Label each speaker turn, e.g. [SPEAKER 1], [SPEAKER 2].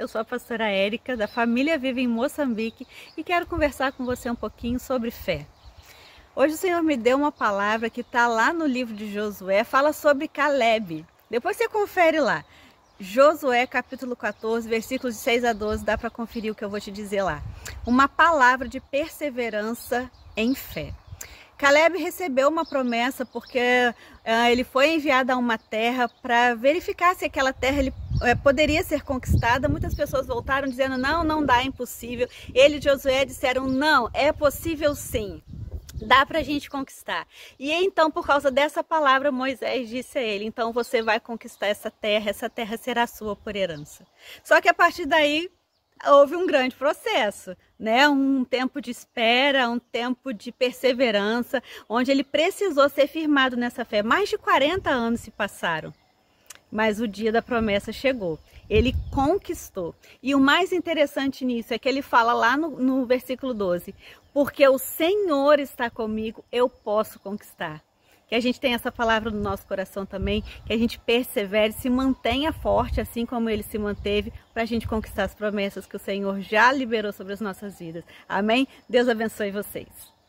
[SPEAKER 1] Eu sou a pastora Érica, da família Viva em Moçambique, e quero conversar com você um pouquinho sobre fé. Hoje o Senhor me deu uma palavra que está lá no livro de Josué, fala sobre Caleb. Depois você confere lá. Josué capítulo 14, versículos de 6 a 12, dá para conferir o que eu vou te dizer lá. Uma palavra de perseverança em fé. Caleb recebeu uma promessa porque uh, ele foi enviado a uma terra para verificar se aquela terra ele, uh, poderia ser conquistada. Muitas pessoas voltaram dizendo não, não dá, é impossível. Ele e Josué disseram não, é possível sim dá para a gente conquistar. E então, por causa dessa palavra, Moisés disse a ele: então você vai conquistar essa terra, essa terra será sua por herança. Só que a partir daí, houve um grande processo, né? Um tempo de espera, um tempo de perseverança, onde ele precisou ser firmado nessa fé. Mais de 40 anos se passaram, mas o dia da promessa chegou. Ele conquistou. E o mais interessante nisso é que ele fala lá no, no versículo 12: Porque o Senhor está comigo, eu posso conquistar que a gente tenha essa palavra no nosso coração também, que a gente persevere, se mantenha forte, assim como ele se manteve, para a gente conquistar as promessas que o Senhor já liberou sobre as nossas vidas. Amém? Deus abençoe vocês.